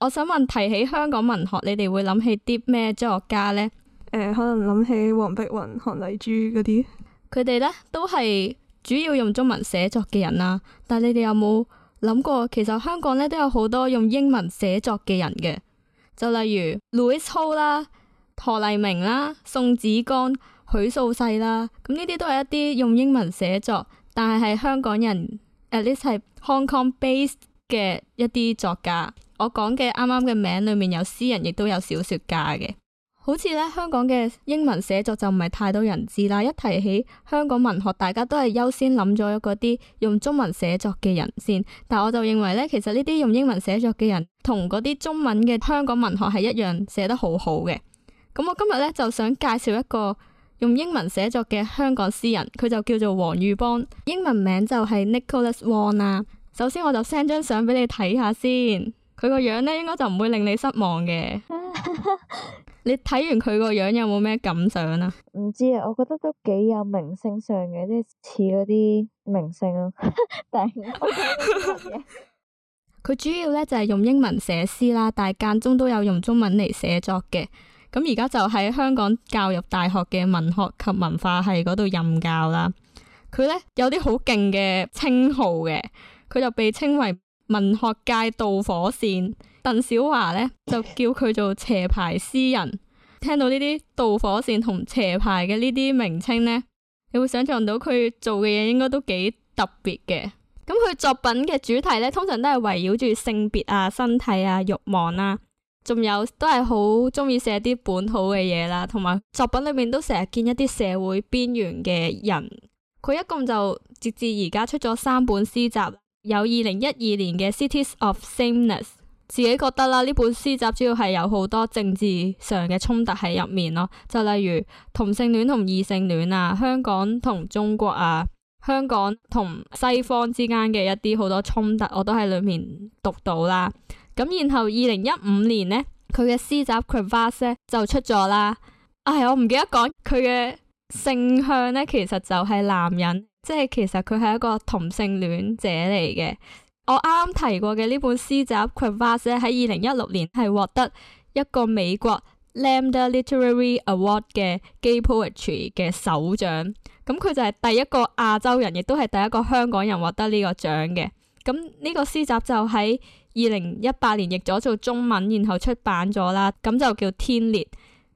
我想問，提起香港文學，你哋會諗起啲咩作家呢？誒、呃，可能諗起黃碧雲、韓麗珠嗰啲。佢哋呢都係主要用中文寫作嘅人啦。但係你哋有冇諗過，其實香港呢都有好多用英文寫作嘅人嘅？就例如 Louise Ho 啦、何麗明啦、宋子江、許素世啦，咁呢啲都係一啲用英文寫作，但係係香港人，at least 係 Hong Kong based 嘅一啲作家。我講嘅啱啱嘅名裏面有詩人，亦都有小說家嘅，好似呢香港嘅英文寫作就唔係太多人知啦。一提起香港文學，大家都係優先諗咗嗰啲用中文寫作嘅人先。但我就認為呢，其實呢啲用英文寫作嘅人同嗰啲中文嘅香港文學係一樣寫得好好嘅。咁我今日呢，就想介紹一個用英文寫作嘅香港詩人，佢就叫做黃裕邦，英文名就係 Nicholas Wong 啦、啊。首先我就 send 張相俾你睇下先。佢個樣咧應該就唔會令你失望嘅。 你睇完佢個樣有冇咩感想啊？唔知啊，我覺得都幾有明星相嘅，即係似嗰啲明星咯。頂，我唔想講嘢。佢主要咧就係、是、用英文寫詩啦，但係間中都有用中文嚟寫作嘅。咁而家就喺香港教育大學嘅文學及文化系嗰度任教啦。佢咧有啲好勁嘅稱號嘅，佢就被稱為文學界導火線，鄧小樺呢，就叫佢做邪牌詩人。聽到呢啲導火線同邪牌嘅呢啲名稱呢，你會想象到佢做嘅嘢應該都幾特別嘅。咁佢作品嘅主題呢，通常都係圍繞住性別啊、身體啊、慾望啊、啦，仲有都係好中意寫啲本土嘅嘢啦，同埋作品裏面都成日見一啲社會邊緣嘅人。佢一共就直至而家出咗三本詩集。有二零一二年嘅 Cities of s a m e n e s s，自己覺得啦，呢本詩集主要係有好多政治上嘅衝突喺入面咯，就例如同性戀同異性戀啊，香港同中國啊，香港同西方之間嘅一啲好多衝突，我都喺裏面讀到啦。咁然後二零一五年呢，佢嘅詩集 c r n v e r s e s 就出咗啦。唉、哎，我唔記得講佢嘅性向呢，其實就係男人。即係其實佢係一個同性戀者嚟嘅，我啱啱提過嘅呢本詩集《Crevasse》喺二零一六年係獲得一個美國 Lambda Literary Award 嘅 Gay Poetry 嘅首獎，咁佢就係第一個亞洲人，亦都係第一個香港人獲得呢個獎嘅。咁呢個詩集就喺二零一八年譯咗做中文，然後出版咗啦，咁就叫天《天裂》。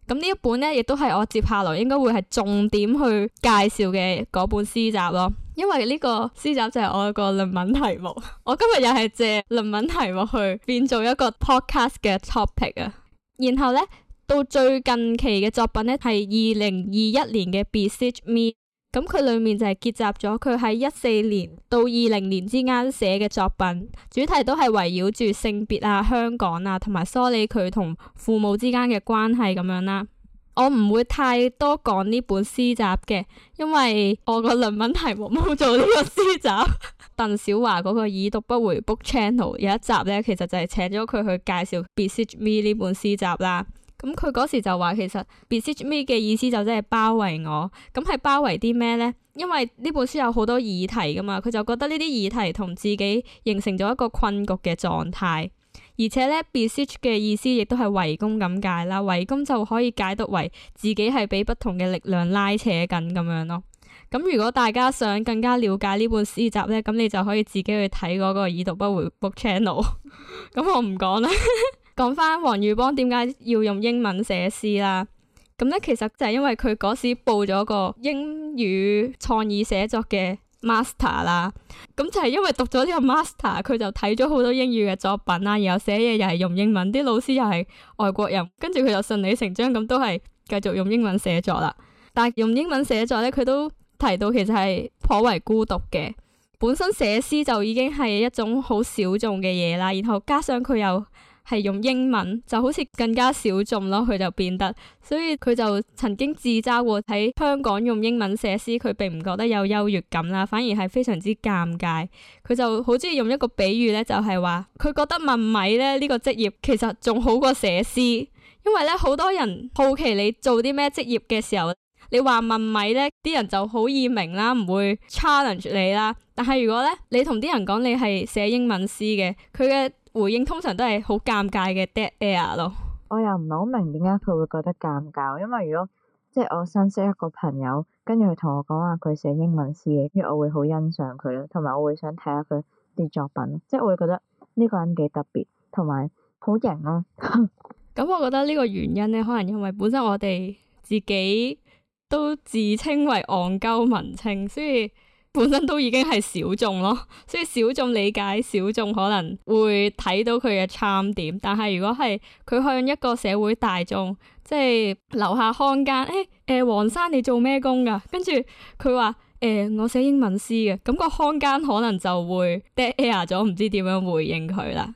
咁呢一本呢，亦都係我接下來應該會係重點去介紹嘅嗰本詩集咯，因為呢個詩集就係我個論文題目， 我今日又係借論文題目去變做一個 podcast 嘅 topic 啊。然後呢，到最近期嘅作品呢，係二零二一年嘅 Besiege Me。咁佢裏面就係結集咗佢喺一四年到二零年之間寫嘅作品，主題都係圍繞住性別啊、香港啊，同埋梳理佢同父母之間嘅關係咁樣啦。我唔會太多講呢本詩集嘅，因為我個論文題目冇做呢個詩集。鄧 小樺嗰個已讀不回 book channel 有一集呢，其實就係請咗佢去介紹《Besiege Me》呢本詩集啦。咁佢嗰時就話其實 Besiege Me 嘅意思就真係包圍我，咁係包圍啲咩呢？因為呢本書有好多議題噶嘛，佢就覺得呢啲議題同自己形成咗一個困局嘅狀態，而且呢 Besiege 嘅意思亦都係圍攻咁解啦，圍攻就可以解讀為自己係俾不同嘅力量拉扯緊咁樣咯。咁如果大家想更加了解呢本詩集呢，咁你就可以自己去睇嗰個已讀不回 book channel，咁 我唔講啦。講翻黃裕邦點解要用英文寫詩啦？咁呢，其實就係因為佢嗰時報咗個英語創意寫作嘅 master 啦。咁就係因為讀咗呢個 master，佢就睇咗好多英語嘅作品啦，然後寫嘢又係用英文，啲老師又係外國人，跟住佢就順理成章咁都係繼續用英文寫作啦。但係用英文寫作呢，佢都提到其實係頗為孤獨嘅。本身寫詩就已經係一種好小眾嘅嘢啦，然後加上佢又。係用英文就好似更加小眾咯，佢就變得，所以佢就曾經自嘲過喺香港用英文寫詩，佢並唔覺得有優越感啦，反而係非常之尷尬。佢就好中意用一個比喻呢，就係話佢覺得問米咧呢、呢個職業其實仲好過寫詩，因為呢好多人好奇你做啲咩職業嘅時候，你話問米呢啲人就好易明啦，唔會 challenge 你啦。但係如果呢，你同啲人講你係寫英文詩嘅，佢嘅。回應通常都係好尷尬嘅 dead air 咯，我又唔係好明點解佢會覺得尷尬，因為如果即係我新識一個朋友，跟住佢同我講話佢寫英文詩嘅，跟住我會好欣賞佢咯，同埋我會想睇下佢啲作品，即係我會覺得呢個人幾特別，同埋好型咯。咁、 嗯、我覺得呢個原因咧，可能因為本身我哋自己都自稱為戇鳩文青，所以。本身都已經係小眾咯，所以小眾理解小眾可能會睇到佢嘅參點，但係如果係佢向一個社會大眾，即係樓下看更，誒誒，黃生你做咩工㗎？啊？跟住佢話誒，我寫英文詩嘅，咁個看更可能就會 dead air 咗，唔知點樣回應佢啦。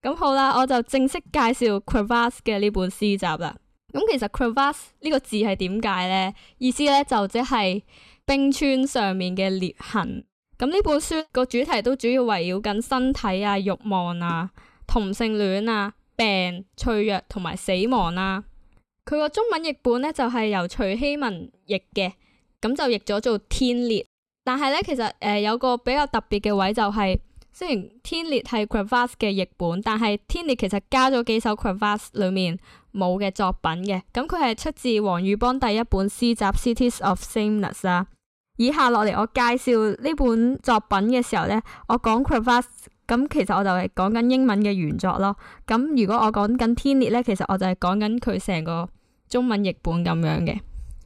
咁好啦，我就正式介紹 Crevasse 嘅呢本詩集啦。咁其實 Crevasse 呢個字係點解呢？意思呢就即係。冰川上面嘅裂痕，咁呢本書個主題都主要圍繞緊身體啊、欲望啊、同性戀啊、病、脆弱同埋死亡啊。佢個中文譯本呢，就係、是、由徐晞文譯嘅，咁就譯咗做《天裂》，但係呢，其實誒、呃、有個比較特別嘅位就係、是。雖然《天裂》係《Crevasse》嘅譯本，但係《天裂》其實加咗幾首《Crevasse》裏面冇嘅作品嘅。咁佢係出自黃裕邦第一本詩集《Cities of Sameness》啊。以下落嚟我介紹呢本作品嘅時候呢，我講《Crevasse》，咁其實我就係講緊英文嘅原作咯。咁如果我講緊《天裂》呢，其實我就係講緊佢成個中文譯本咁樣嘅。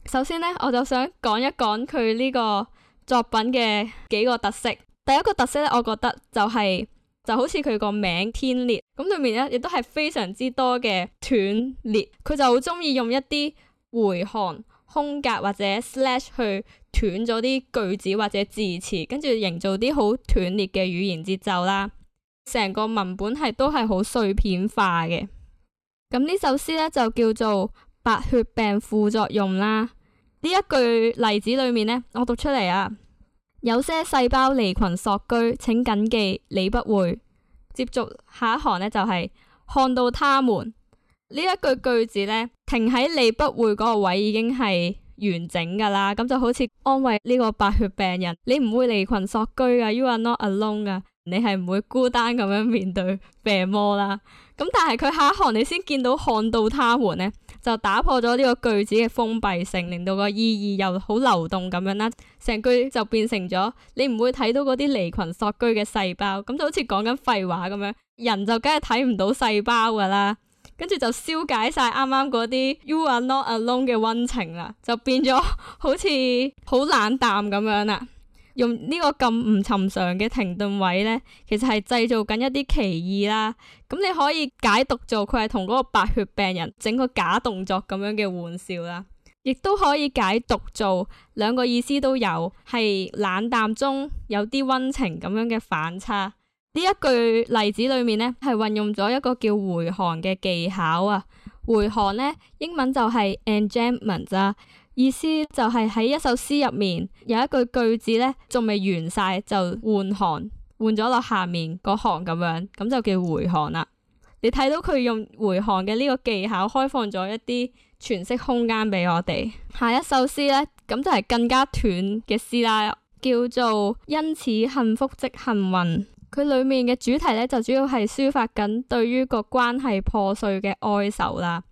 首先呢，我就想講一講佢呢個作品嘅幾個特色。第一個特色咧，我覺得就係、是、就好似佢個名天裂咁，裏面咧，亦都係非常之多嘅斷裂。佢就好中意用一啲回行空格或者 slash 去斷咗啲句子或者字詞，跟住營造啲好斷裂嘅語言節奏啦。成個文本係都係好碎片化嘅。咁呢首詩咧就叫做《白血病副作用》啦。呢一句例子裏面咧，我讀出嚟啊。有些細胞離群索居，請謹記你不會。接續下一行呢、就是，就係看到他們呢一句句子呢，停喺你不會嗰個位已經係完整噶啦。咁就好似安慰呢個白血病人，你唔會離群索居啊，You are not alone 啊，你係唔會孤單咁樣面對病魔啦。咁但係佢下一行你先見到看到他們呢，就打破咗呢個句子嘅封閉性，令到個意義又好流動咁樣啦。成句就變成咗你唔會睇到嗰啲離群索居嘅細胞，咁就好似講緊廢話咁樣。人就梗係睇唔到細胞㗎喇，跟住就消解晒啱啱嗰啲 you are not alone 嘅温情啦，就變咗好似好冷淡咁樣啦。用呢個咁唔尋常嘅停頓位呢，其實係製造緊一啲歧義啦。咁你可以解讀做佢係同嗰個白血病人整個假動作咁樣嘅玩笑啦，亦都可以解讀做兩個意思都有，係冷淡中有啲温情咁樣嘅反差。呢一句例子裏面呢，係運用咗一個叫回行嘅技巧啊。回行呢，英文就係 enjambment 咋、啊。意思就係喺一首詩入面有一句句子呢，仲未完晒就換行換咗落下面嗰行咁樣，咁就叫回行啦。你睇到佢用回行嘅呢個技巧，開放咗一啲詮釋空間俾我哋。下一首詩呢，咁就係更加短嘅詩啦，叫做因此幸福即幸運。佢裏面嘅主題呢，就主要係抒發緊對於個關係破碎嘅哀愁啦。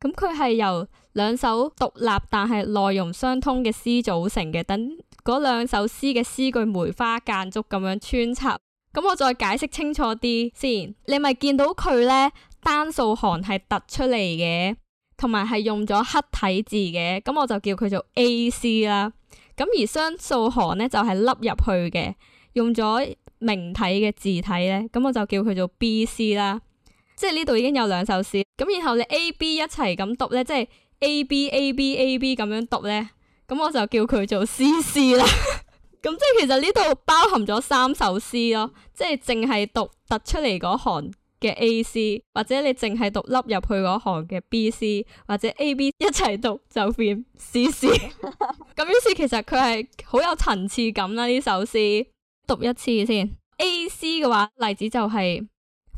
咁佢係由兩首獨立但係內容相通嘅詩組成嘅，等嗰兩首詩嘅詩句梅花間竹咁樣穿插。咁我再解釋清楚啲先，你咪見到佢呢單數行係突出嚟嘅，同埋係用咗黑體字嘅，咁我就叫佢做 A 詩啦。咁而雙數行呢，就係、是、凹入去嘅，用咗明體嘅字體呢。咁我就叫佢做 B 詩啦。即係呢度已經有兩首詩，咁然後你 A、B 一齊咁讀呢，即係。A B A B A B 咁樣讀呢，咁我就叫佢做 C C 啦。咁即係其實呢度包含咗三首詩咯，即係淨係讀突出嚟嗰行嘅 A C，或者你淨係讀凹入去嗰行嘅 B C，或者 A B 一齊讀就變 C C。咁 於是其實佢係好有層次感啦、啊、呢首詩。讀一次先 A C 嘅話例子就係、是。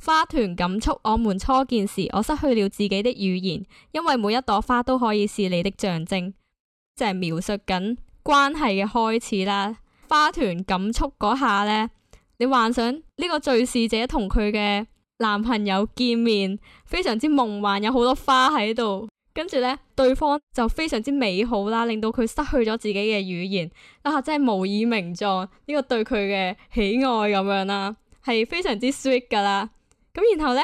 花團錦簇，我們初見時，我失去了自己的語言，因為每一朵花都可以是你的象徵，即係描述緊關係嘅開始啦。花團錦簇嗰下呢，你幻想呢個敘事者同佢嘅男朋友見面，非常之夢幻，有好多花喺度，跟住呢，對方就非常之美好啦，令到佢失去咗自己嘅語言，啊真係無以名狀呢、這個對佢嘅喜愛咁樣啦，係非常之 sweet 噶啦。咁然後呢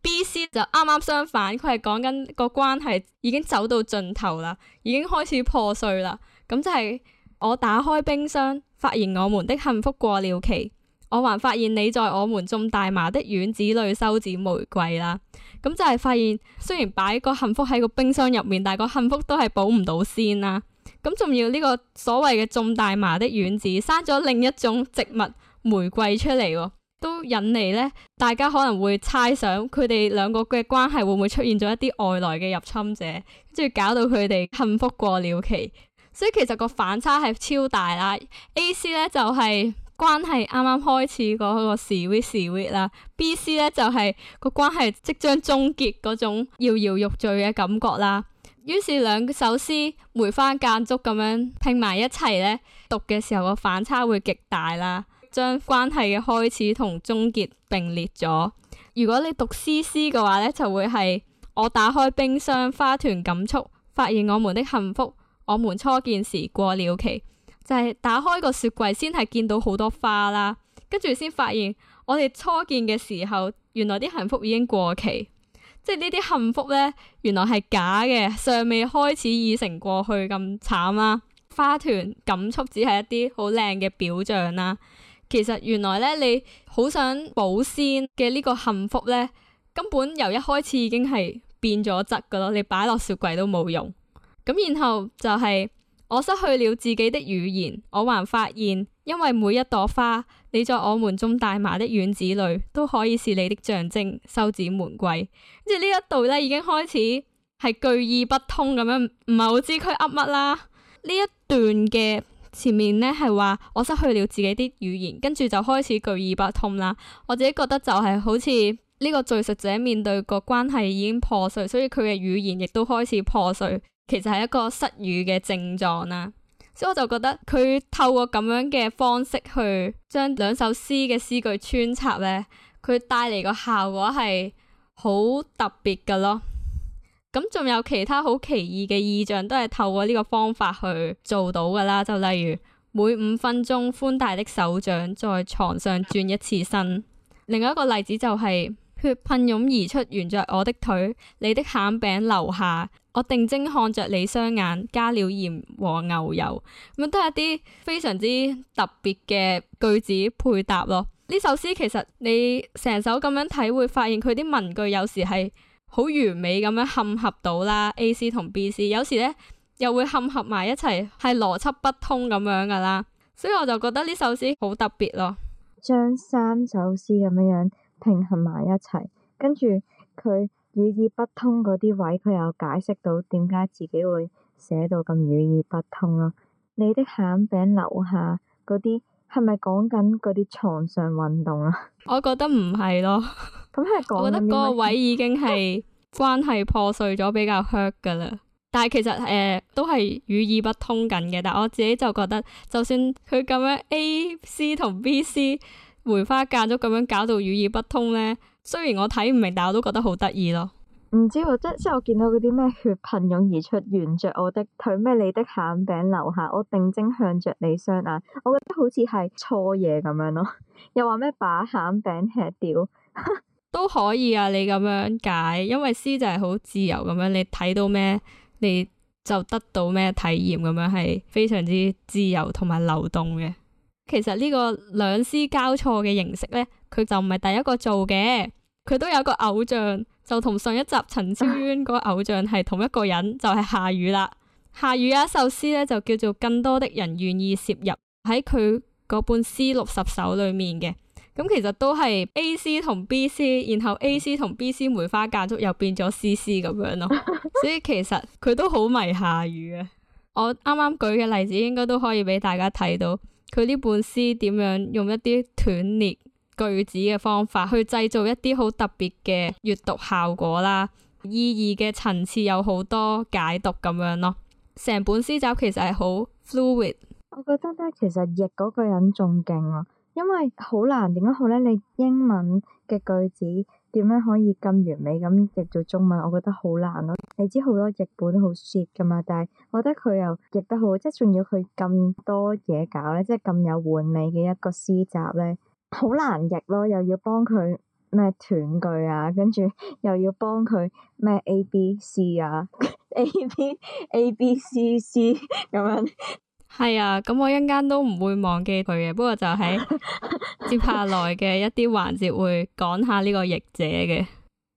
BC 就啱啱相反，佢係講緊個關係已經走到盡頭啦，已經開始破碎啦。咁就係我打開冰箱，發現我們的幸福過了期。我還發現你在我們種大麻的院子裏修剪玫瑰啦。咁就係發現，雖然擺個幸福喺個冰箱入面，但係個幸福都係保唔到鮮啦。咁仲要呢個所謂嘅種大麻的院子生咗另一種植物玫瑰出嚟喎。都引嚟呢，大家可能會猜想佢哋兩個嘅關係會唔會出現咗一啲外來嘅入侵者，跟住搞到佢哋幸福過了期。所以其實個反差係超大啦。A C 呢就係、是、關係啱啱開始嗰個 sweet sweet 啦，B C 呢就係、是、個關係即將終結嗰種搖搖欲墜嘅感覺啦。於是兩首詩梅花間竹咁樣拼埋一齊呢，讀嘅時候個反差會極大啦。將關係嘅開始同終結並列咗。如果你讀詩詩嘅話呢，就會係我打開冰箱花團錦簇，發現我們的幸福，我們初見時過了期。就係、是、打開個雪櫃，先係見到好多花啦，跟住先發現我哋初見嘅時候，原來啲幸福已經過期，即係呢啲幸福呢，原來係假嘅，尚未開始已成過去咁慘啦。花團錦簇只係一啲好靚嘅表象啦。其實原來呢，你好想保鮮嘅呢個幸福呢，根本由一開始已經係變咗質噶咯，你擺落雪櫃都冇用。咁然後就係、是、我失去了自己的語言，我還發現，因為每一朵花，你在我們種大麻的院子裏都可以是你的象徵，羞恥玫瑰。即係呢一度呢已經開始係句意不通咁樣，唔係好知佢噏乜啦。呢一段嘅前面呢，係話我失去了自己啲語言跟住就開始句意不通啦。我自己覺得就係好似呢個敘述者面對個關係已經破碎，所以佢嘅語言亦都開始破碎，其實係一個失語嘅症狀啦。所以我就覺得佢透過咁樣嘅方式去將兩首詩嘅詩句穿插呢，佢帶嚟個效果係好特別噶咯。咁仲有其他好奇異嘅意象，都係透過呢個方法去做到噶啦。就例如每五分鐘寬大的手掌在床上轉一次身。另外一個例子就係、是、血噴湧而出，沿着我的腿，你的餡餅留下。我定睛看着你雙眼，加了鹽和牛油。咁都係一啲非常之特別嘅句子配搭咯。呢首詩其實你成首咁樣睇，會發現佢啲文句有時係好完美咁樣嵌合到啦，A C 同 B C，有時咧又會嵌合埋一齊，係邏輯不通咁樣噶啦，所以我就覺得呢首詩好特別咯，將三首詩咁樣樣平衡埋一齊，跟住佢語意不通嗰啲位，佢又解釋到點解自己會寫到咁語意不通咯、啊。你的餡餅樓下嗰啲係咪講緊嗰啲床上運動啊？我覺得唔係咯。我覺得嗰個位已經係關係破碎咗，比較 hurt 噶啦。 但係其實誒、呃，都係語意不通緊嘅。但係我自己就覺得，就算佢咁樣 A C 同 B C 梅花間竹咁樣搞到語意不通咧。雖然我睇唔明，但我都覺得好得意咯。唔知即我即係即係我見到嗰啲咩血噴湧而出，沿着我的腿咩你的餡餅留下，我定睛向着你雙眼，我覺得好似係錯嘢咁樣咯。又話咩把餡餅吃掉？ 都可以啊，你咁樣解，因為詩就係好自由咁樣，你睇到咩，你就得到咩體驗咁樣，係非常之自由同埋流動嘅。其實呢個兩詩交錯嘅形式呢，佢就唔係第一個做嘅，佢都有個偶像，就同上一集陳昭淵個偶像係同一個人， 就係夏宇啦。夏宇有一首詩呢，就叫做《更多的人願意涉入》，喺佢嗰本詩六十首裏面嘅。咁其實都係 A C 同 B C，然後 A C 同 B C 梅花間竹，又變咗 C C 咁樣咯， 所以其實佢都好迷下雨啊！我啱啱舉嘅例子應該都可以俾大家睇到，佢呢本詩點樣用一啲斷裂句子嘅方法去製造一啲好特別嘅閱讀效果啦，意義嘅層次有好多解讀咁樣咯，成本詩集其實係好 fluid。我覺得咧，其實譯嗰個人仲勁啊！因為好難，點解好咧？你英文嘅句子點樣可以咁完美咁譯做中文？我覺得好難咯、啊。你知好多譯本好 shit 噶嘛？但係我覺得佢又譯得好，即係仲要佢咁多嘢搞咧，即係咁有玩味嘅一個詩集咧，好難譯咯。又要幫佢咩斷句啊，跟住又要幫佢咩 A B C 啊 A B A B C C 咁樣。係啊，咁我一間都唔會忘記佢嘅，不過就喺接下來嘅一啲環節會講下呢個譯者嘅。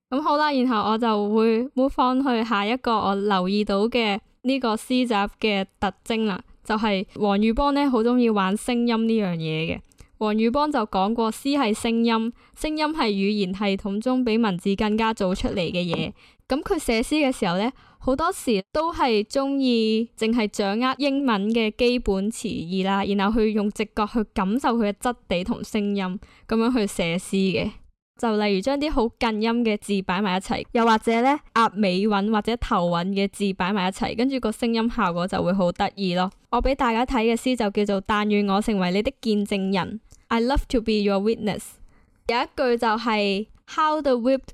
咁好啦，然後我就會 move 翻去下一個我留意到嘅呢個詩集嘅特徵啦，就係黃裕邦呢好中意玩聲音呢樣嘢嘅。黃裕邦就講過，詩係聲音，聲音係語言系統中比文字更加做出嚟嘅嘢。咁佢寫詩嘅時候呢。好多時都係中意淨係掌握英文嘅基本詞義啦，然後去用直覺去感受佢嘅質地同聲音，咁樣去寫詩嘅。就例如將啲好近音嘅字擺埋一齊，又或者呢，押尾韻或者頭韻嘅字擺埋一齊，跟住個聲音效果就會好得意咯。我俾大家睇嘅詩就叫做但願我成為你的見證人，I love to be your witness。有一句就係、是、How the whipped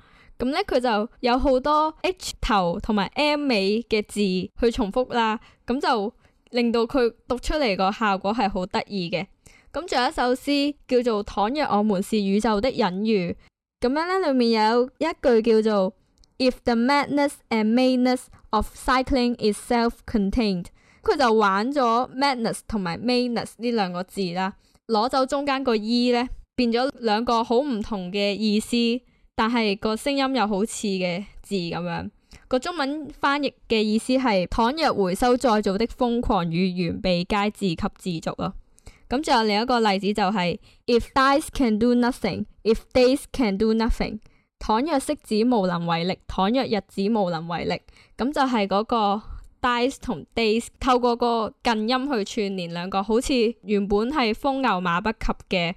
咁呢，佢、嗯、就有好多 H 頭同埋 M 尾嘅字去重複啦，咁、嗯、就令到佢讀出嚟個效果係好得意嘅。咁、嗯、仲有一首詩叫做《倘若我們是宇宙的隱喻》，咁樣呢裏面有一句叫做 If the madness and mainness of cycling is self-contained，佢、嗯、就玩咗 madness 同埋 mainness 呢兩個字啦，攞走中間個 e 呢，變咗兩個好唔同嘅意思。但係個聲音又好似嘅字咁樣，個中文翻譯嘅意思係：倘若回收再造的瘋狂語言被皆自給自足咯。咁、嗯、仲有另一個例子就係、是、：If dice can do nothing, if days can do nothing。倘若骰子無能為力，倘若日子無能為力，咁、嗯、就係、是、嗰個 dice 同 days 透過個近音去串連兩個，好似原本係風牛馬不及嘅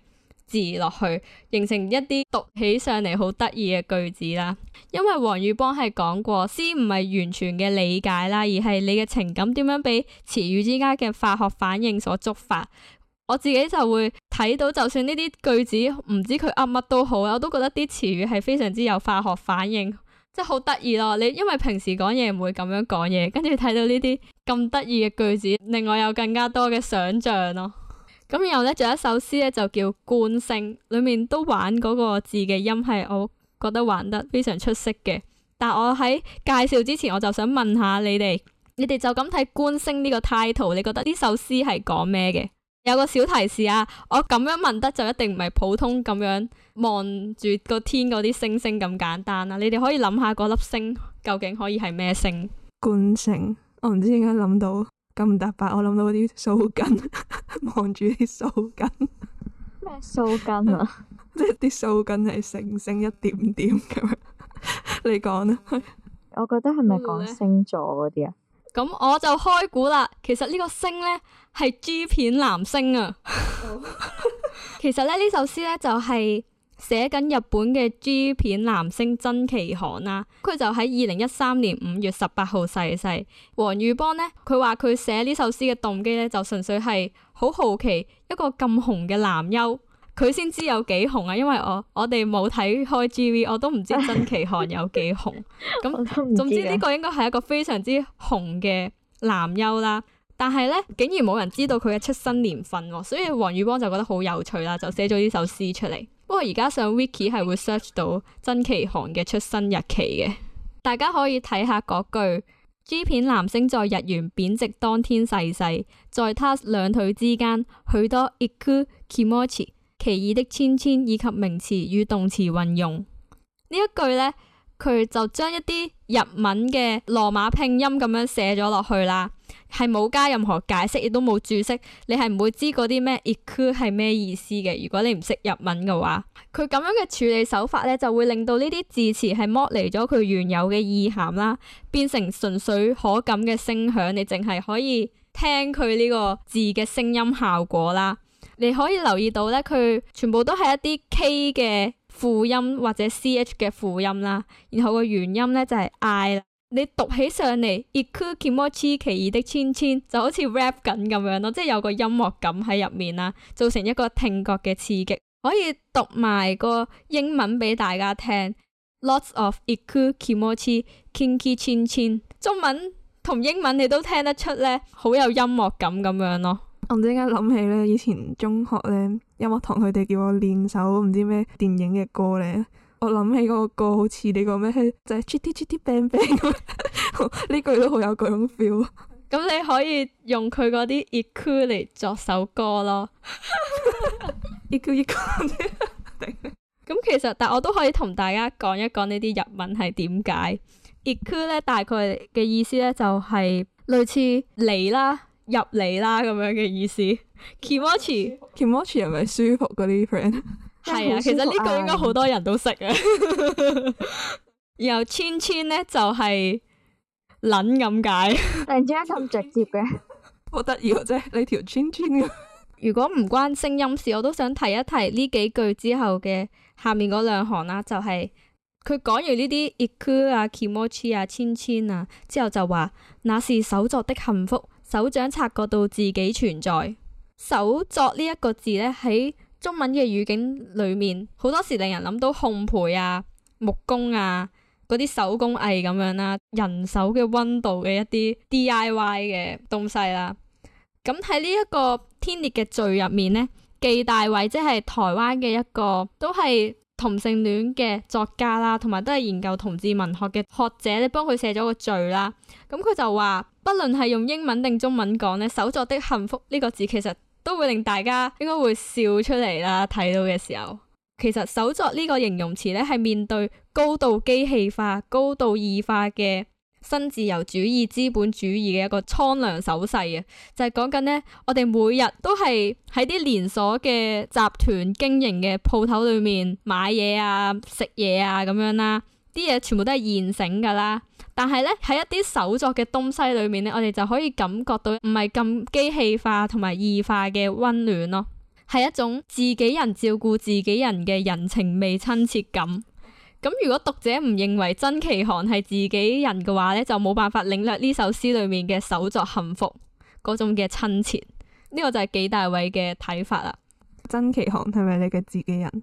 字落去形成一啲讀起上嚟好得意嘅句子啦，因為黃裕邦係講過詩唔係完全嘅理解啦，而係你嘅情感點樣俾詞語之間嘅化學反應所觸發。我自己就會睇到，就算呢啲句子唔知佢噏乜都好啊，我都覺得啲詞語係非常之有化學反應，即係好得意咯。你因為平時講嘢唔會咁樣講嘢，跟住睇到呢啲咁得意嘅句子，令我有更加多嘅想象咯。咁然後呢，仲有一首詩呢，就叫《觀星》，裏面都玩嗰個字嘅音係，我覺得玩得非常出色嘅。但我喺介紹之前，我就想問下你哋，你哋就咁睇《觀星》呢個 title，你覺得呢首詩係講咩嘅？有個小提示啊，我咁樣問得就一定唔係普通咁樣望住個天嗰啲星星咁簡單啦，啊。你哋可以諗下嗰粒星究竟可以係咩星？觀星，我唔知點解諗到。咁唔搭白，我諗到啲鬚根，望住啲鬚根，咩鬚根啊？即係啲鬚根係星星一點點咁樣， 你講啦吧。我覺得係咪講星座嗰啲啊？咁我就開估啦。其實呢個星咧係 G 片男星啊。 oh. 其實咧呢首詩咧就係、是。寫緊日本嘅 G 片男星真崎航啦，佢就喺二零一三年五月十八號逝世。黃裕邦呢，佢話佢寫呢首詩嘅動機呢，就純粹係好好奇一個咁紅嘅男優，佢先知有幾紅啊。因為我我哋冇睇開 GV，我都唔知真崎航有幾紅咁。我總之呢個應該係一個非常之紅嘅男優啦，但係呢，竟然冇人知道佢嘅出生年份喎，所以黃裕邦就覺得好有趣啦，就寫咗呢首詩出嚟。不過而家上 wiki 係會 search 到真崎航嘅出生日期嘅， 大家可以睇下嗰句 G 片男星在日元貶值當天逝世，在他兩腿之間許多 ikukimochi 奇異的千千以及名詞與動詞運用呢一句呢，佢就將一啲日文嘅羅馬拼音咁樣寫咗落去啦。係冇加任何解釋，亦都冇注釋，你係唔會知嗰啲咩 iku 係咩意思嘅。如果你唔識日文嘅話，佢咁樣嘅處理手法呢，就會令到呢啲字詞係剝離咗佢原有嘅意涵啦，變成純粹可感嘅聲響。你淨係可以聽佢呢個字嘅聲音效果啦。你可以留意到呢，佢全部都係一啲 k 嘅輔音或者 ch 嘅輔音啦，然後個元音呢，就係、是、i 啦。你讀起上嚟，Ikukimochi 奇異的千千，就好似 rap 緊咁樣咯，即係有個音樂感喺入面啦，造成一個聽覺嘅刺激。可以讀埋個英文俾大家聽 ，Lots of Ikukimochi, Kinky 千千。中文同英文你都聽得出呢，好有音樂感咁樣咯。我唔知點解諗起呢以前中學呢，音樂堂佢哋叫我練首唔知咩電影嘅歌咧。我諗起嗰個歌好似你個咩，就係 chitty chitty bang bang 咁，呢句都好有嗰種 feel。咁你可以用佢嗰啲 iku 嚟作首歌咯。iku iku，咁其實，但我都可以同大家講一講呢啲日文係點解 iku 咧，大概嘅意思咧就係類似嚟啦、入嚟啦咁樣嘅意思。kimochi，kimochi 係咪舒服嗰啲 friend？係啊，啊，其實呢個應該好多人都識啊。然後千千咧，就係捻咁解，突然之間咁直接嘅？ 好得意即啫，你條千千嘅。如果唔關聲音事，我都想提一提呢幾句之後嘅下面嗰兩行啦，就係佢講完呢啲 echo 啊、kimochi 啊、千千啊、琴琴啊之後就話，那是手作的幸福，手掌察覺到自己存在。手作呢一個字咧喺。中文嘅語境裏面，好多時令人諗到烘焙啊、木工啊嗰啲手工藝咁樣啦，人手嘅温度嘅一啲 DIY 嘅東西啦。咁喺呢一個天裂嘅序入面呢，紀大偉即係台灣嘅一個都係同性戀嘅作家啦，同埋都係研究同志文學嘅學者。你幫佢寫咗個序啦。咁佢就話，不論係用英文定中文講呢，手作的幸福呢個字其實。都會令大家應該會笑出嚟啦！睇到嘅時候，其實手作呢個形容詞呢，係面對高度機器化、高度異化嘅新自由主義資本主義嘅一個蒼涼手勢啊！就係講緊呢，我哋每日都係喺啲連鎖嘅集團經營嘅鋪頭裡面買嘢啊、食嘢啊咁樣啦。啲嘢全部都係現成噶啦，但係呢，喺一啲手作嘅東西裡面呢，我哋就可以感覺到唔係咁機器化同埋異化嘅溫暖咯，係一種自己人照顧自己人嘅人情味親切感。咁如果讀者唔認為真奇航係自己人嘅話呢，就冇辦法領略呢首詩裡面嘅手作幸福嗰種嘅親切。呢個就係紀大偉嘅睇法啦。真奇航係咪你嘅自己人？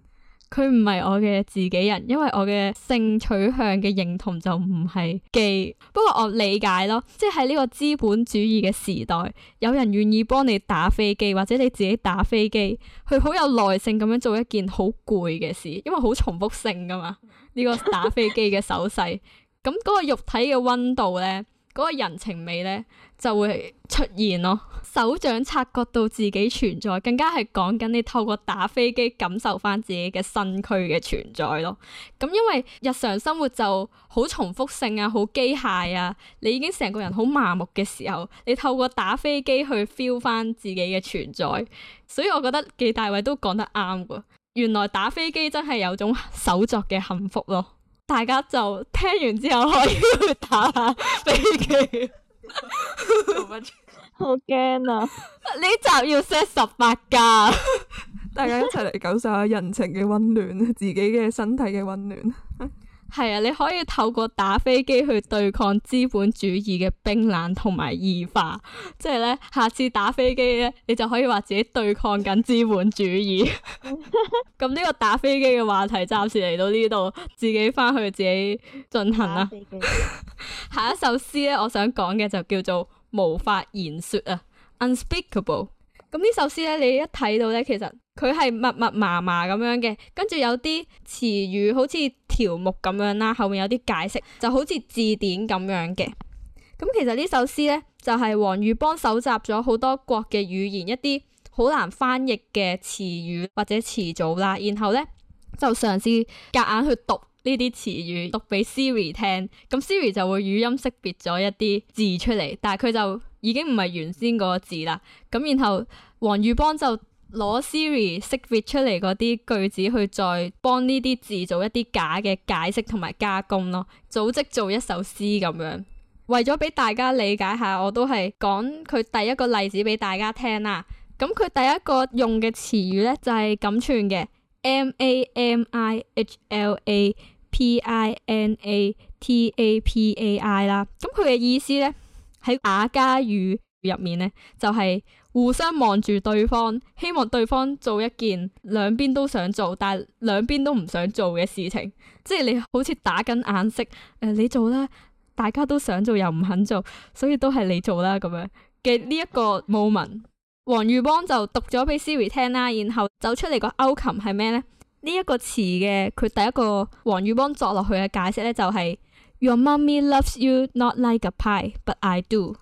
佢唔係我嘅自己人，因為我嘅性取向嘅認同就唔係既不過我理解咯，即係呢個資本主義嘅時代，有人願意幫你打飛機或者你自己打飛機，佢好有耐性咁樣做一件好攰嘅事，因為好重複性㗎嘛，呢、這個打飛機嘅手勢，咁嗰 個肉體嘅温度呢。嗰個人情味呢就會出現咯，手掌察覺到自己存在，更加係講緊你透過打飛機感受翻自己嘅身軀嘅存在咯。咁、嗯、因為日常生活就好重複性啊，好機械啊，你已經成個人好麻木嘅時候，你透過打飛機去 feel 翻自己嘅存在，所以我覺得紀大偉都講得啱嘅。原來打飛機真係有種手作嘅幸福咯～大家就聽完之後可以去打下飛機，好驚啊！呢 集要 set 十八架， 大家一齊嚟感受下人情嘅溫暖， 自己嘅身體嘅溫暖。 係啊，你可以透過打飛機去對抗資本主義嘅冰冷同埋異化，即係呢，下次打飛機呢，你就可以話自己對抗緊資本主義。咁 呢 個打飛機嘅話題暫時嚟到呢度，自己翻去自己進行啦。 下一首詩呢，我想講嘅就叫做無法言說啊，unspeakable。咁呢首詩呢，你一睇到呢，其實。佢係密密麻麻咁樣嘅，跟住有啲詞語好似條目咁樣啦，後面有啲解釋，就好似字典咁樣嘅。咁其實呢首詩呢，就係黃裕邦搜集咗好多國嘅語言一啲好難翻譯嘅詞語或者詞組啦，然後呢，就嘗試夾硬去讀呢啲詞語，讀俾 Siri 聽。咁 Siri 就會語音識別咗一啲字出嚟，但係佢就已經唔係原先嗰個字啦。咁然後黃裕邦就。攞 Siri 識別出嚟嗰啲句子，去再幫呢啲字做一啲假嘅解釋同埋加工咯，組織做一首詩咁樣。為咗俾大家理解下，我都係講佢第一個例子俾大家聽啦。咁佢第一個用嘅詞語呢，就係咁串嘅 M A M I H L A P I N A T A P A I 啦。咁佢嘅意思呢，喺雅加語入面呢，就係、是。互相望住對方，希望對方做一件兩邊都想做，但係兩邊都唔想做嘅事情，即係你好似打緊眼色，誒、呃、你做啦，大家都想做又唔肯做，所以都係你做啦咁樣嘅呢一個 moment。黃裕邦就讀咗俾 Siri 聽啦，然後走出嚟個 outcome 係咩呢？呢、這、一個詞嘅佢第一個黃裕邦作落去嘅解釋呢、就是，就係 Your mommy loves you not like a pie, but I do。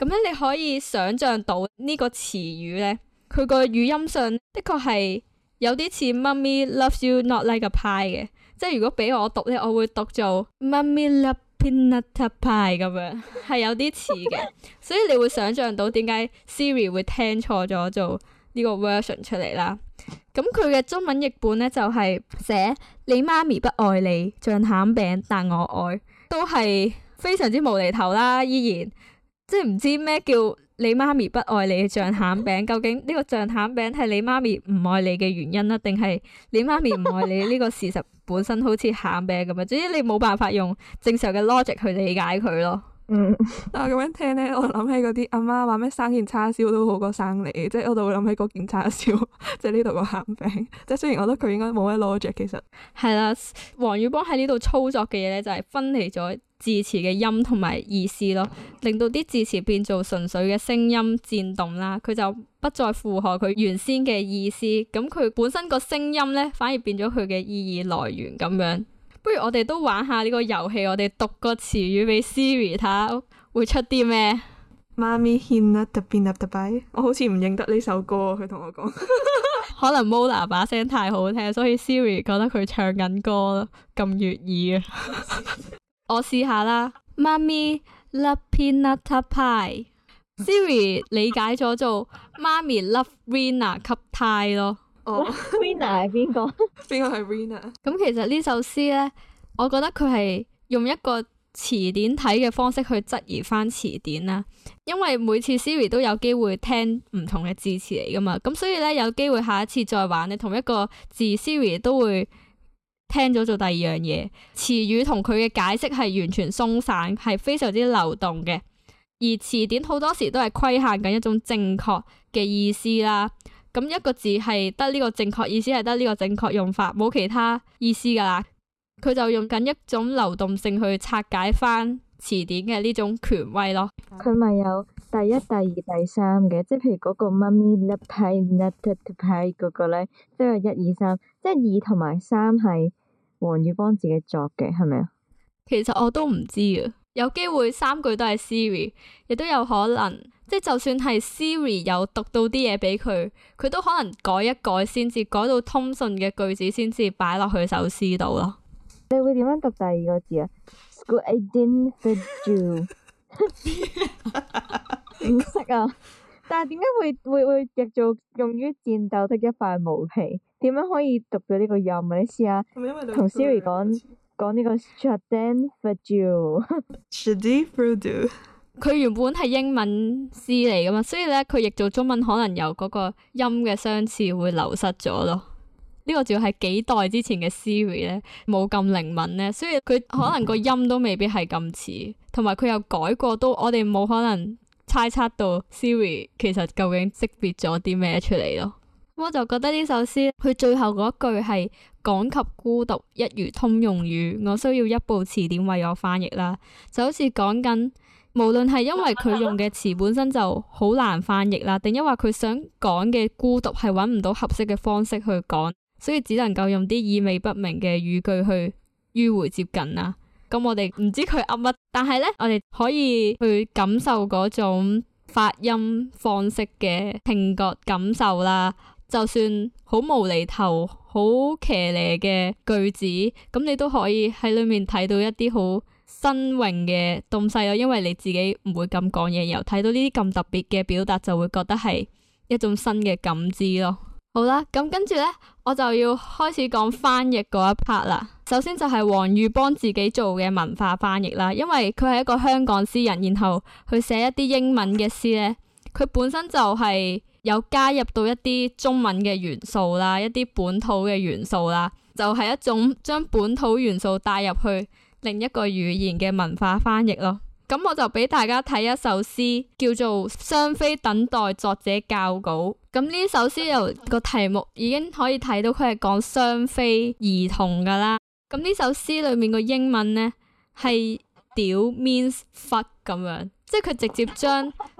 咁咧，你可以想象到呢個詞語咧，佢個語音上的確係有啲似 Mummy loves you not like a pie 嘅，即係如果俾我讀咧，我會讀做 Mummy love peanut pie 咁樣，係有啲似嘅， 所以你會想象到點解 Siri 會聽錯咗做呢個 version 出嚟啦。咁佢嘅中文譯本咧就係、是、寫你媽咪不愛你，像餡餅，但我愛，都係非常之無厘頭啦，依然。即係唔知咩叫你媽咪不愛你醬餡餅，究竟呢個醬餡餅係你媽咪唔愛你嘅原因啊，定係你媽咪唔愛你呢個事實本身好似餡餅咁啊？ 總之你冇辦法用正常嘅 logic 去理解佢咯。嗯， 但我咁樣聽咧，我諗起嗰啲阿媽話咩生件叉燒都好過生你，即係我就會諗起嗰件叉燒， 即係呢度個餡餅。即係雖然我覺得佢應該冇咩 logic，其實係啦。黃裕邦喺呢度操作嘅嘢咧，就係分離咗。字詞嘅音同埋意思咯，令到啲字詞變做純粹嘅聲音顫動啦。佢就不再符合佢原先嘅意思，咁佢本身個聲音呢，反而變咗佢嘅意義來源咁樣。不如我哋都玩下呢個遊戲，我哋讀個詞語俾 Siri 睇下會出啲咩？媽咪我好似唔認得呢首歌，佢同我講， 可能 Mola 把聲太好聽，所以 Siri 覺得佢唱緊歌咁悅耳啊。 我試下啦，媽咪 love peanut pie。Siri 理解咗做媽咪 love w i n a cup tie 咯。哦 w i n a 係邊個？邊個係 reina？咁其實呢首詩呢，我覺得佢係用一個詞典體嘅方式去質疑翻詞典啦。因為每次 Siri 都有機會聽唔同嘅字詞嚟㗎嘛，咁所以呢，有機會下一次再玩，你同一個字 Siri 都會。聽咗做第二樣嘢，詞語同佢嘅解釋係完全鬆散，係非常之流動嘅。而詞典好多時都係規限緊一種正確嘅意思啦。咁一個字係得呢個正確意思，係得呢個正確用法，冇其他意思㗎啦。佢就用緊一種流動性去拆解返詞典嘅呢種權威咯。佢咪有第一、第二、第三嘅，即係譬如嗰個媽咪 let pay let to pay 嗰個咧，即係一二三，即係二同埋三係。王月幫自己作嘅係咪啊？是是其實我都唔知啊，有機會三句都係 Siri，亦都有可能，即係就算係 Siri 有讀到啲嘢俾佢，佢都可能改一改先至改到通訊嘅句子先至擺落去首詩度咯。你會點樣讀第二個字啊？School agent for you，唔識啊，但係點解會會會譯做用於戰鬥的一塊毛皮？點樣可以讀到呢個音呢？你試下同 Siri 講講呢個 Shadid Fadu。s h 佢，原本係英文詩嚟噶嘛，所以咧佢譯做中文可能有嗰個音嘅相似會流失咗咯。呢、這個仲要係幾代之前嘅 Siri 咧，冇咁靈敏咧，所以佢可能個音都未必係咁似，同埋佢又改過都，我哋冇可能猜測到 Siri 其實究竟識別咗啲咩出嚟咯。我就覺得呢首詩，佢最後嗰句係講及孤獨，一如通用語，我需要一部詞典為我翻譯啦。就好似講緊，無論係因為佢用嘅詞本身就好難翻譯啦，定因為佢想講嘅孤獨係揾唔到合適嘅方式去講，所以只能夠用啲意味不明嘅語句去迂回接近啦。咁我哋唔知佢噏乜，但係呢，我哋可以去感受嗰種發音方式嘅聽覺感受啦。就算好無厘頭、好騎呢嘅句子，咁你都可以喺裏面睇到一啲好新穎嘅東西。又因為你自己唔會咁講嘢，又睇到呢啲咁特別嘅表達，就會覺得係一種新嘅感知咯。好啦，咁跟住呢，我就要開始講翻譯嗰一 part 啦。首先就係黃裕邦自己做嘅文化翻譯啦，因為佢係一個香港詩人，然後佢寫一啲英文嘅詩呢，佢本身就係、是。有加入到一啲中文嘅元素啦，一啲本土嘅元素啦，就係、是、一種將本土元素帶入去另一個語言嘅文化翻譯咯。咁、嗯、我就俾大家睇一首詩，叫做《雙非等待》，作者校稿。咁呢、嗯、首詩由個題目已經可以睇到，佢係講雙非兒童噶啦。咁、嗯、呢首詩裏面個英文呢，係屌 means fuck 咁樣，即係佢直接將。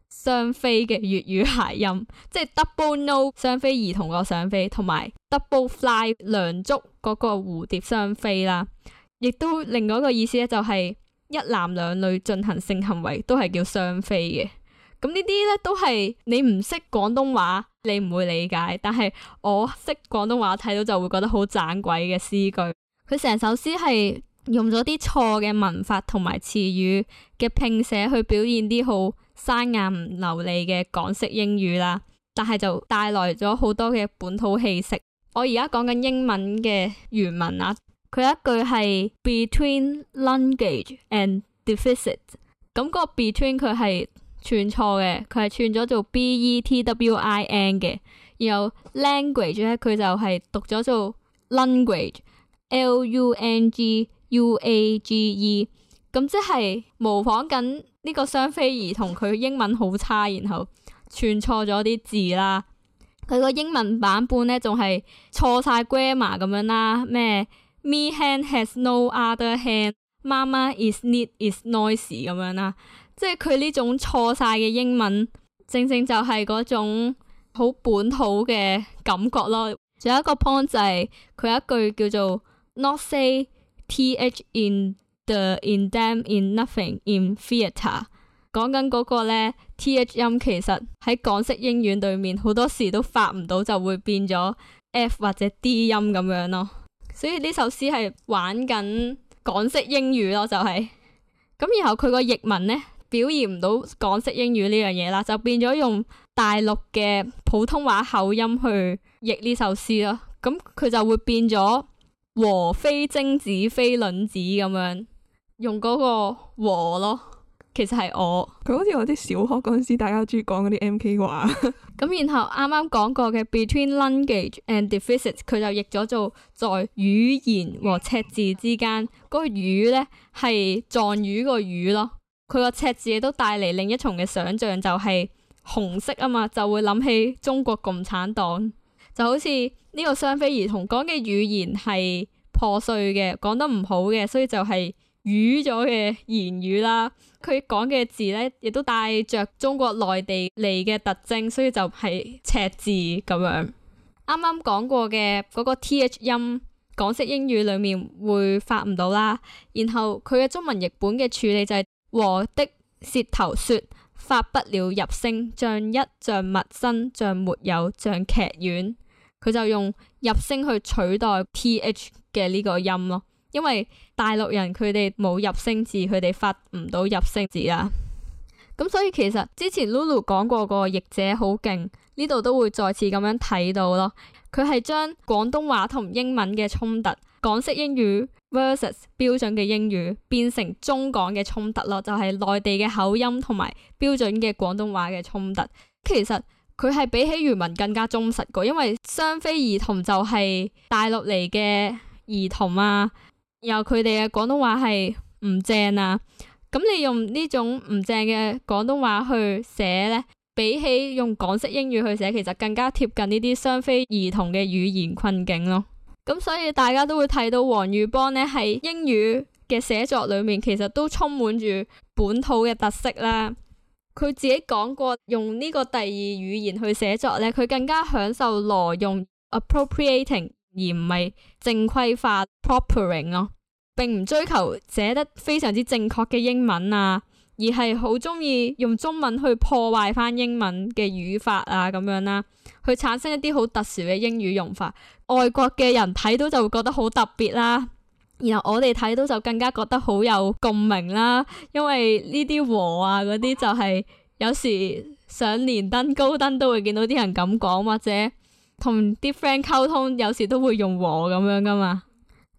雙飛嘅粵語諧音，即係 double no 雙飛兒童個雙飛，同埋 double fly 梁祝嗰個蝴蝶雙飛啦。亦都另外一個意思咧，就係一男兩女進行性行為都係叫雙飛嘅。咁呢啲咧，都係你唔識廣東話，你唔會理解。但係我識廣東話，睇到就會覺得好盞鬼嘅詩句。佢成首詩係用咗啲錯嘅文法同埋詞語嘅拼寫去表現啲好生硬唔流利嘅港式英語啦，但係就帶來咗好多嘅本土氣息。我而家講緊英文嘅原文啊，佢一句係 between language and deficit，咁個 between 佢係串錯嘅，佢係串咗做 b e t w i n 嘅，然後 language 呢 lang，佢就係讀咗做 language，l-u-n-g。N G, u a g e 咁即係，模仿緊呢個雙非兒童佢英文好差，然後串錯咗啲字啦。佢個英文版本呢，仲係錯晒 grammar 咁樣啦，咩 me hand has no other hand，媽媽 is neat is noisy 咁樣啦。即係佢呢種錯晒嘅英文，正正就係嗰種好本土嘅感覺咯。仲有一個 point 就係佢有一句叫做 not say。T H in the in damn in nothing in theater，e 講緊嗰個呢 T H 音其實喺港式英語對面好多時都發唔到，就會變咗 F 或者 D 音咁樣咯。所以呢首詩係玩緊港式英語咯，就係、是、咁。然後佢個譯文呢，表現唔到港式英語呢樣嘢啦，就變咗用大陸嘅普通話口音去譯呢首詩咯。咁佢就會變咗。和非精子非卵子咁樣，用嗰個和咯，其實係我。佢好似我啲小學嗰陣時，大家中意講嗰啲 MK 話。咁 然後啱啱講過嘅 Between language and deficit，佢就譯咗做在語言和赤字之間。嗰、嗰個語呢係藏語個語咯，佢個赤字亦都帶嚟另一重嘅想象，就係紅色啊嘛，就會諗起中國共產黨。就好似呢個雙非兒童講嘅語言係破碎嘅，講得唔好嘅，所以就係瘀咗嘅言語啦。佢講嘅字呢，亦都帶着中國內地嚟嘅特徵，所以就係赤字咁樣。啱啱講過嘅嗰個 TH 音，港式英語裡面會發唔到啦。然後佢嘅中文譯本嘅處理就係和的舌頭說。發不了入聲，像一、像陌生、像沒有、像劇院，佢就用入聲去取代 th 嘅呢個音咯，因為大陸人佢哋冇入聲字，佢哋發唔到入聲字啊，咁所以其實之前 Lulu 講過嗰個譯者好勁，呢度都會再次咁樣睇到咯，佢係將廣東話同英文嘅衝突，港式英語。versus 標準嘅英語變成中港嘅衝突咯，就係、是、內地嘅口音同埋標準嘅廣東話嘅衝突。其實佢係比起原文更加忠實過，因為雙非兒童就係大陸嚟嘅兒童啊，然後佢哋嘅廣東話係唔正啊，咁你用呢種唔正嘅廣東話去寫呢，比起用港式英語去寫，其實更加貼近呢啲雙非兒童嘅語言困境咯。咁、嗯、所以大家都會睇到黃裕邦呢，喺英語嘅寫作裏面，其實都充滿住本土嘅特色啦。佢自己講過，用呢個第二語言去寫作呢，佢更加享受挪用 appropriating，而唔係正規化 propering 咯，proper ing, 並唔追求寫得非常之正確嘅英文啊。而係好中意用中文去破壞翻英文嘅語法啊，咁樣啦，去產生一啲好特殊嘅英語用法。外國嘅人睇到就會覺得好特別啦，然後我哋睇到就更加覺得好有共鳴啦。因為呢啲和啊嗰啲就係有時上連登高登都會見到啲人咁講，或者同啲 friend 溝通有時都會用和咁樣㗎嘛。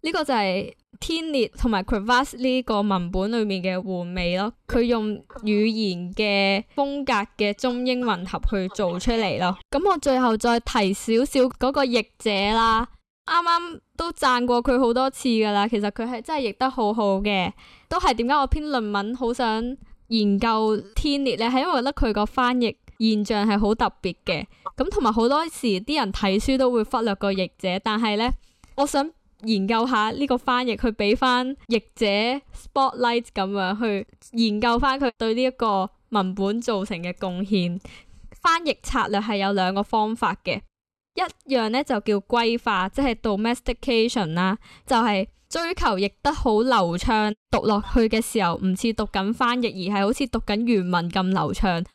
呢個就係《天裂》同埋 Crevasse 呢個文本裏面嘅玩味咯，佢用語言嘅風格嘅中英混合去做出嚟咯。咁我最後再提少少嗰個譯者啦，啱啱都贊過佢好多次㗎啦。其實佢係真係譯得好好嘅，都係點解我篇論文好想研究《天裂》呢？係因為我覺得佢個翻譯現象係好特別嘅。咁同埋好多時啲人睇書都會忽略個譯者，但係呢，我想研究下呢個翻譯，去俾翻譯者 spotlight 咁樣去研究翻佢對呢一個文本造成嘅貢獻。翻譯策略係有兩個方法嘅，一樣呢就叫歸化，即係 domestication 啦，就係、是、追求譯得好流暢，讀落去嘅時候唔似讀緊翻譯，而係好似讀緊原文咁流暢。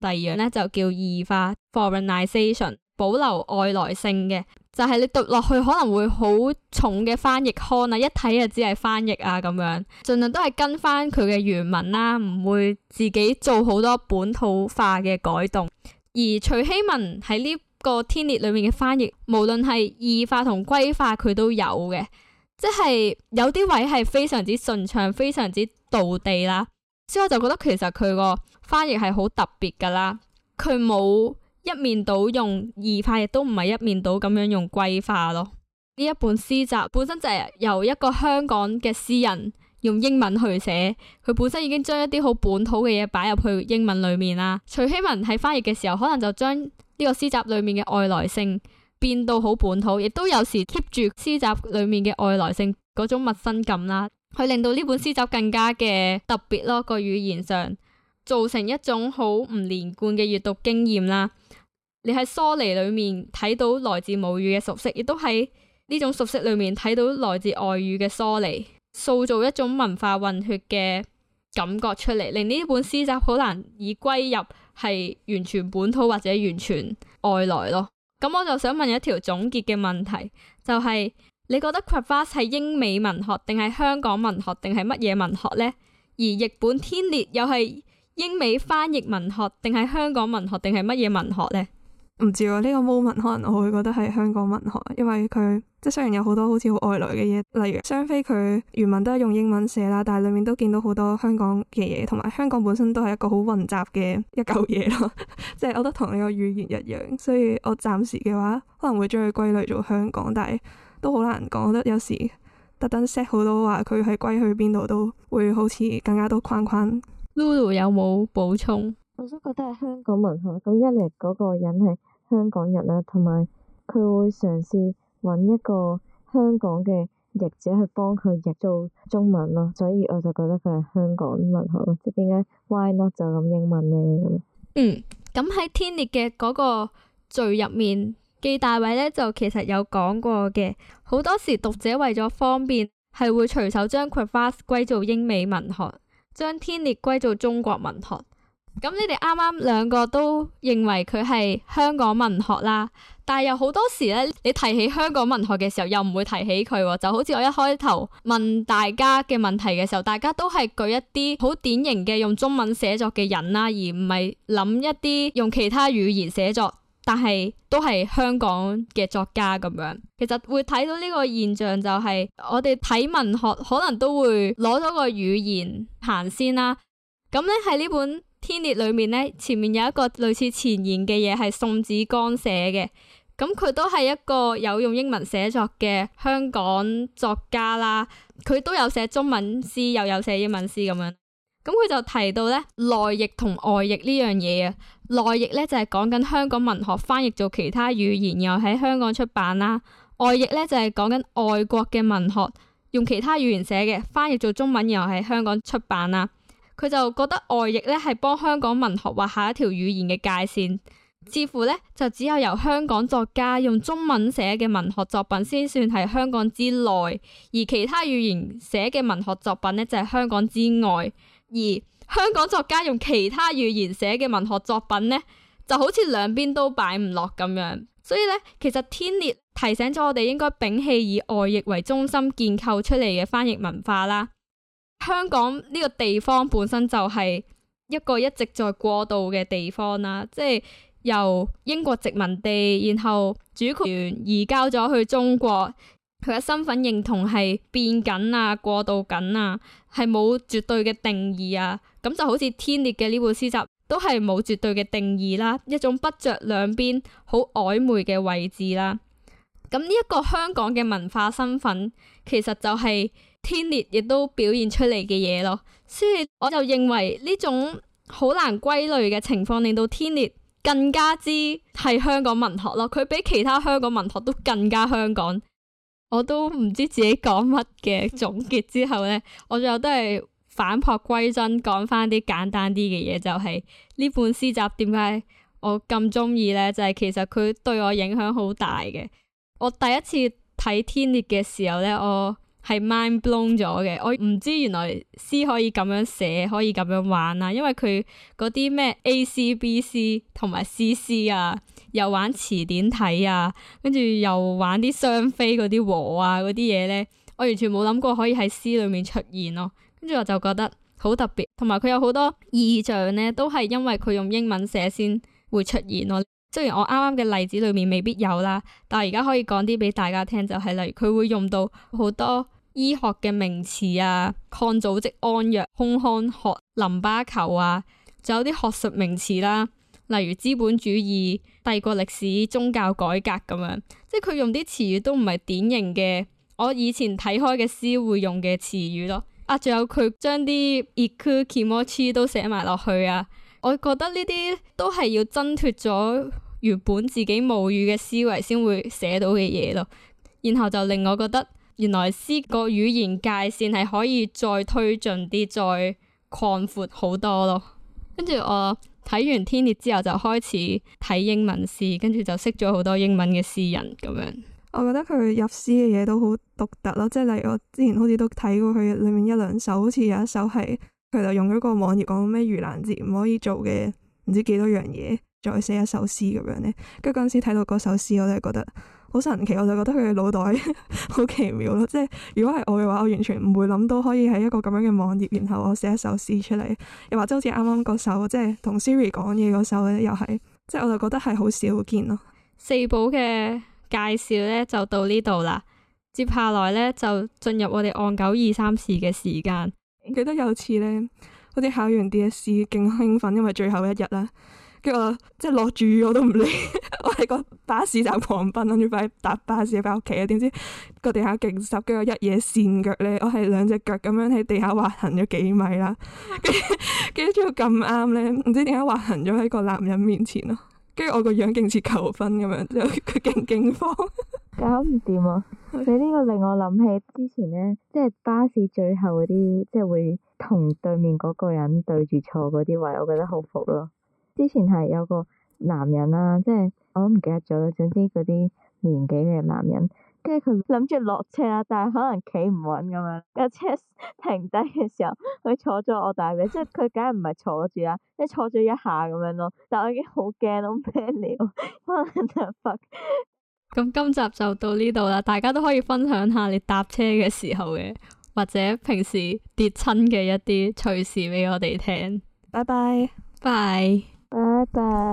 第二樣呢就叫異化 foreignization，保留外來性嘅。就係你讀落去可能會好重嘅翻譯腔啊，一睇就只係翻譯啊咁樣。儘量都係跟翻佢嘅原文啦，唔會自己做好多本土化嘅改動。而徐晞文喺呢個《天裂》裏面嘅翻譯，無論係異化同歸化，佢都有嘅，即係有啲位係非常之順暢、非常之道地啦。所以我就覺得其實佢個翻譯係好特別㗎啦，佢冇一面倒用異化，亦都唔係一面倒咁樣用歸化咯。呢一本詩集本身就係由一個香港嘅詩人用英文去寫，佢本身已經將一啲好本土嘅嘢擺入去英文裏面啦。徐晞文喺翻譯嘅時候，可能就將呢個詩集裏面嘅外來性變到好本土，亦都有時 keep 住詩集裏面嘅外來性嗰種陌生感啦，佢令到呢本詩集更加嘅特別咯。個語言上造成一種好唔連貫嘅閱讀經驗啦。你喺疏離裏面睇到來自母語嘅熟悉，亦都喺呢種熟悉裏面睇到來自外語嘅疏離，塑造一種文化混血嘅感覺出嚟，令呢本詩集好難以歸入係完全本土或者完全外來咯。咁我就想問一條總結嘅問題，就係、是、你覺得《Crevasse》係英美文學定係香港文學定係乜嘢文學呢？而譯本《天裂》又係英美翻譯文學定係香港文學定係乜嘢文學呢？唔知喎，呢、這個 moment 可能我會覺得係香港文學，因為佢即係雖然有好多好似好外來嘅嘢，例如雙非佢原文都係用英文寫啦，但係裡面都見到好多香港嘅嘢，同埋香港本身都係一個好混雜嘅一嚿嘢咯，即 係我覺得同你個語言一樣，所以我暫時嘅話可能會將佢歸類做香港，但係都好難講，得有時特登 set 好多話佢係歸去邊度都會好似更加多框框。Lulu 有冇補充？我都覺得係香港文學，咁一嚟嗰、那個人係。香港人啦，同埋佢會嘗試揾一個香港嘅譯者去幫佢譯做中文咯，所以我就覺得佢係香港文學咯。即係點解 Why not 就咁英文呢？咁？嗯，咁喺《天裂》嘅嗰個序入面，紀大偉咧就其實有講過嘅，好多時讀者為咗方便係會隨手將《Crevasse》歸做英美文學，將《天裂》歸做中國文學。咁你哋啱啱兩個都認為佢係香港文學啦，但係又好多時呢，你提起香港文學嘅時候，又唔會提起佢喎，就好似我一開頭問大家嘅問題嘅時候，大家都係舉一啲好典型嘅用中文寫作嘅人啦，而唔係諗一啲用其他語言寫作但係都係香港嘅作家咁樣。其實會睇到呢個現象就係、是、我哋睇文學可能都會攞咗個語言行先啦。咁咧喺呢本。《天裂》裏面呢，前面有一個類似前言嘅嘢，係宋子江寫嘅。咁佢都係一個有用英文寫作嘅香港作家啦。佢都有寫中文詩，又有寫英文詩咁樣。咁佢就提到呢，內譯同外譯呢樣嘢啊。內譯呢就係講緊香港文學翻譯做其他語言，然後喺香港出版啦。外譯呢就係講緊外國嘅文學，用其他語言寫嘅，翻譯做中文，然後喺香港出版啦。佢就覺得外譯呢係幫香港文學劃下一條語言嘅界線，似乎呢就只有由香港作家用中文寫嘅文學作品先算係香港之內，而其他語言寫嘅文學作品呢就係香港之外，而香港作家用其他語言寫嘅文學作品呢，就好似兩邊都擺唔落咁樣。所以呢，其實天裂提醒咗我哋應該摒棄以外譯為中心建構出嚟嘅翻譯文化啦。香港呢個地方本身就係一個一直在過渡嘅地方啦，即係由英國殖民地，然後主權移交咗去中國，佢嘅身份認同係變緊啊，過渡緊啊，係冇絕對嘅定義啊。咁就好似天裂嘅呢本詩集，都係冇絕對嘅定義啦，一種不着兩邊、好曖昧嘅位置啦。咁呢一個香港嘅文化身份，其實就係、是。天裂亦都表現出嚟嘅嘢咯，所以我就認為呢種好難歸類嘅情況，令到天裂更加之係香港文學咯。佢比其他香港文學都更加香港。我都唔知自己講乜嘅。總結之後呢，我最後都係反璞歸真，講返啲簡單啲嘅嘢，就係、是、呢本詩集點解我咁中意呢？就係、是、其實佢對我影響好大嘅。我第一次睇天裂嘅時候呢，我係 mind blown 咗嘅，我唔知原來詩可以咁樣寫，可以咁樣玩啦、啊。因為佢嗰啲咩 A C B C 同埋 C C 啊，又玩詞典體啊，跟住又玩啲雙非嗰啲和啊嗰啲嘢呢，我完全冇諗過可以喺詩裏面出現咯、啊。跟住我就覺得好特別，同埋佢有好多意象呢，都係因為佢用英文寫先會出現咯、啊。雖然我啱啱嘅例子裏面未必有啦，但係而家可以講啲俾大家聽，就係、是、例如佢會用到好多醫學嘅名詞啊，抗組織胺藥、空腔學、淋巴球啊，仲有啲學術名詞啦、啊，例如資本主義、帝國歷史、宗教改革咁樣，即係佢用啲詞語都唔係典型嘅我以前睇開嘅詩會用嘅詞語咯。啊，仲有佢將啲 eikumochi 都寫埋落去啊。我覺得呢啲都係要掙脫咗原本自己母語嘅思維先會寫到嘅嘢咯，然後就令我覺得原來詩個語言界線係可以再推進啲、再擴闊好多咯。跟住我睇完《天裂》之後，就開始睇英文詩，跟住就識咗好多英文嘅詩人咁樣。我覺得佢入詩嘅嘢都好獨特咯，即係例如我之前好似都睇過佢裏面一兩首，好似有一首係。佢就用咗個網頁講咩盂蘭節唔可以做嘅，唔知幾多樣嘢，再寫一首詩咁樣呢。跟住嗰陣時睇到嗰首詩，我都係覺得好神奇，我就覺得佢嘅腦袋好 奇妙咯。即係如果係我嘅話，我完全唔會諗到可以喺一個咁樣嘅網頁，然後我寫一首詩出嚟。又或者好似啱啱嗰首，即係同 Siri 講嘢嗰首咧，又係即係，我就覺得係好少見咯。四寶嘅介紹咧就到呢度啦，接下來咧就進入我哋岸久二三事嘅時間。記得有次咧，好似考完 DSE 勁興奮，因為最後一日啦，跟住我即係落住雨我都唔理， 我喺個巴士站狂奔，諗住快搭巴士翻屋企啊！點知個地下勁濕，跟住我一嘢跣腳咧，我係兩隻腳咁樣喺地下滑行咗幾米啦，跟 住跟住仲要咁啱咧，唔知點解滑行咗喺個男人面前咯，跟住我個樣勁似求婚咁樣，佢勁驚慌。 搞唔掂啊！你呢個令我諗起之前呢，即係巴士最後嗰啲，即係會同對面嗰個人對住坐嗰啲位，我覺得好服咯。之前係有個男人啦、啊，即係我都唔記得咗啦。總之嗰啲年紀嘅男人，跟住佢諗住落車啦，但係可能企唔穩咁樣。架車停低嘅時候，佢坐咗我大髀，即係佢梗係唔係坐住啊，即係坐咗一下咁樣咯。但我已經好驚，好驚料，可能就係 f 咁今集就到呢度啦，大家都可以分享下你搭車嘅時候嘅，或者平時跌親嘅一啲，趣事俾我哋聽。拜拜，bye，拜拜。